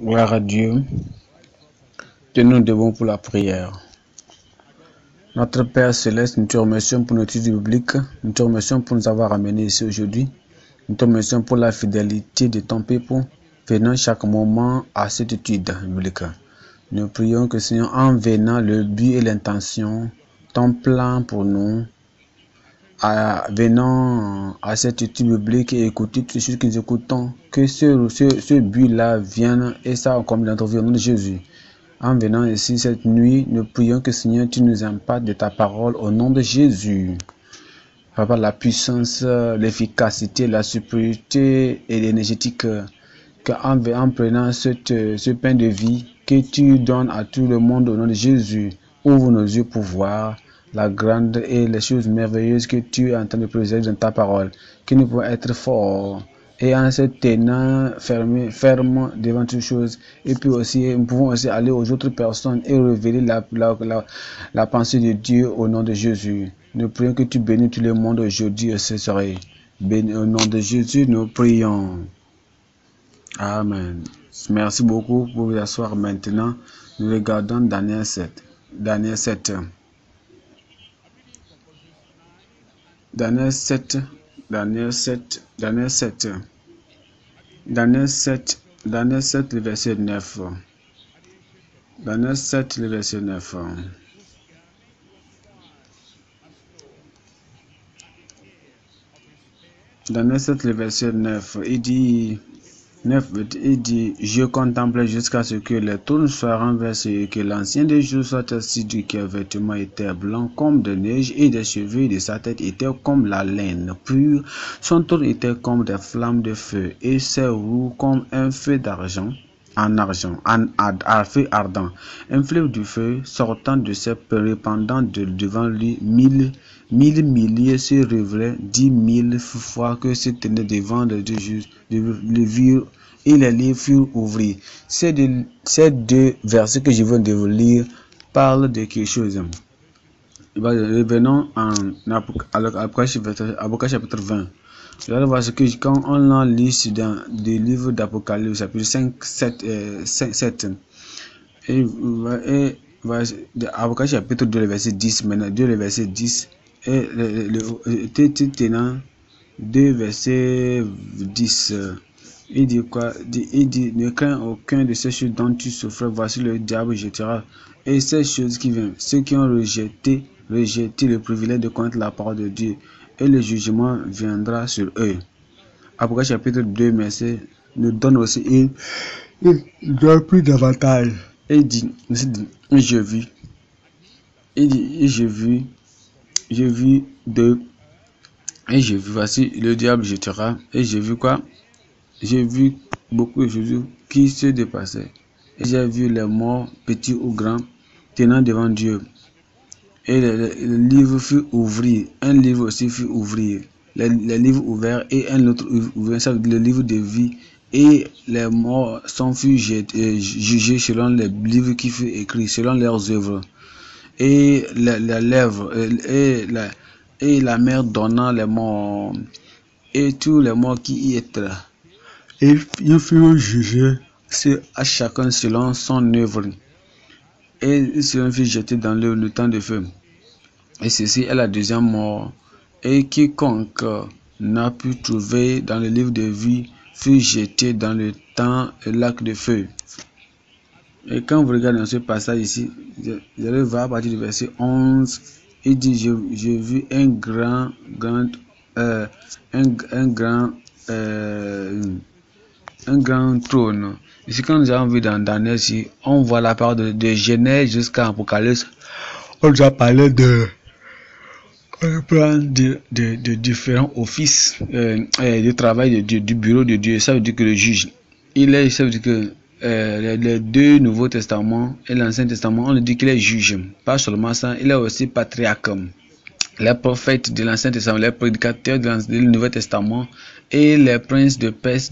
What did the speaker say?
Gloire à Dieu. nous devons pour la prière. Notre Père Céleste, nous te remercions pour notre étude biblique. Nous te remercions pour nous avoir amenés ici aujourd'hui. Nous te remercions pour la fidélité de ton peuple venant chaque moment à cette étude biblique. Nous prions que Seigneur, en venant, le but et l'intention, ton plan pour nous, à, venant à cette étude publique et écouter toutes les que nous écoutons, que ce, ce, but-là vienne et ça comme l'entrevue au nom de Jésus. En venant ici cette nuit, nous prions que Seigneur, tu nous impartes de ta parole au nom de Jésus. par la puissance, l'efficacité, la supériorité et l'énergie qu'en en prenant cette, ce pain de vie que tu donnes à tout le monde au nom de Jésus, ouvre nos yeux pour voir la grande et les choses merveilleuses que tu es en train de préserver dans ta parole, que nous pouvons être forts et en se tenant fermé, devant toutes choses. Et puis aussi, nous pouvons aussi aller aux autres personnes et révéler la, pensée de Dieu au nom de Jésus. Nous prions que tu bénis tout le monde aujourd'hui et ce soir. Au nom de Jésus, nous prions. Amen. Merci beaucoup pour vous asseoir maintenant. Nous regardons Daniel 7. Daniel 7. Daniel 7, Daniel 7, Daniel 7, Daniel 7, Daniel 7, le verset 9. Daniel 7, le verset 9. Daniel 7, le verset 9, il dit 9 Je contemplais jusqu'à ce que les tournes soient renversé et que l'ancien des jours soit assis du vêtement vêtement était blanc comme de neige et des cheveux de sa tête étaient comme la laine pure. Son tour était comme des flammes de feu et ses roues comme un feu d'argent argent, en à feu ardent. Un fleuve du feu sortant de ses répandant de devant lui mille, mille milliers se révélaient dix mille fois que se tenait devant les deux juges, le et les livres furent ouverts. Ces deux, ces deux versets que je viens de vous lire parle de quelque chose. Eh revenons en Apocalypse chapitre 20. Regardez voir ce que quand on l'en lit dans des livres d'Apocalypse, chapitre 5, 7, euh, 5, 7 et, et Apocalypse chapitre 2, verset 10, maintenant 2, le verset 10, et le, le, tenant 2, verset 10. Il dit quoi Il dit Ne crains aucun de ces choses dont tu souffres, voici le diable jettera. Et ces choses qui viennent, ceux qui ont rejeté, rejeté le privilège de connaître la parole de Dieu et le jugement viendra sur eux. Apocalypse chapitre 2, verset nous donne aussi une, une doit plus d'avantage. et dit, je vis, et dit, je vis, je vis de, et je vis, voici, le diable jetera, et j'ai vu quoi J'ai vu beaucoup de choses qui se dépassaient. Et j'ai vu les morts, petits ou grands, tenant devant Dieu et le, livre fut ouvert. Un livre aussi fut ouvert. Le, livre ouvert et un autre ouvert, le livre de vie. Et les morts sont furent euh, jugés selon les livres qui fut écrits, selon leurs œuvres. Et la, lèvre, euh, et, la, et la mère donnant les morts, et tous les morts qui y étaient. Et ils furent jugés à chacun selon son œuvre et dans le, temps de feu. Et ceci est la deuxième mort. Et quiconque euh, n'a pu trouver dans le livre de vie fut jeté dans le temps et lac de feu. Et quand vous regardez dans ce passage ici, vous allez voir à partir du verset 11, il dit, j'ai vu un grand, grand, euh, un, grand, euh, un grand trône. Ici, quand nous avons vu dans Daniel, si on voit la part de, Genèse jusqu'à Apocalypse, on nous a parlé de, de, de, différents offices et euh, du euh, de travail de, du bureau de Dieu. Ça veut dire que le juge, il est, ça veut dire que euh, les, deux Nouveaux Testaments et l'Ancien Testament, on dit qu'il est juge. Pas seulement ça, il est aussi patriarche. Les prophètes de l'Ancien Testament, les prédicateurs de Nouveau Testament et les princes de Perse.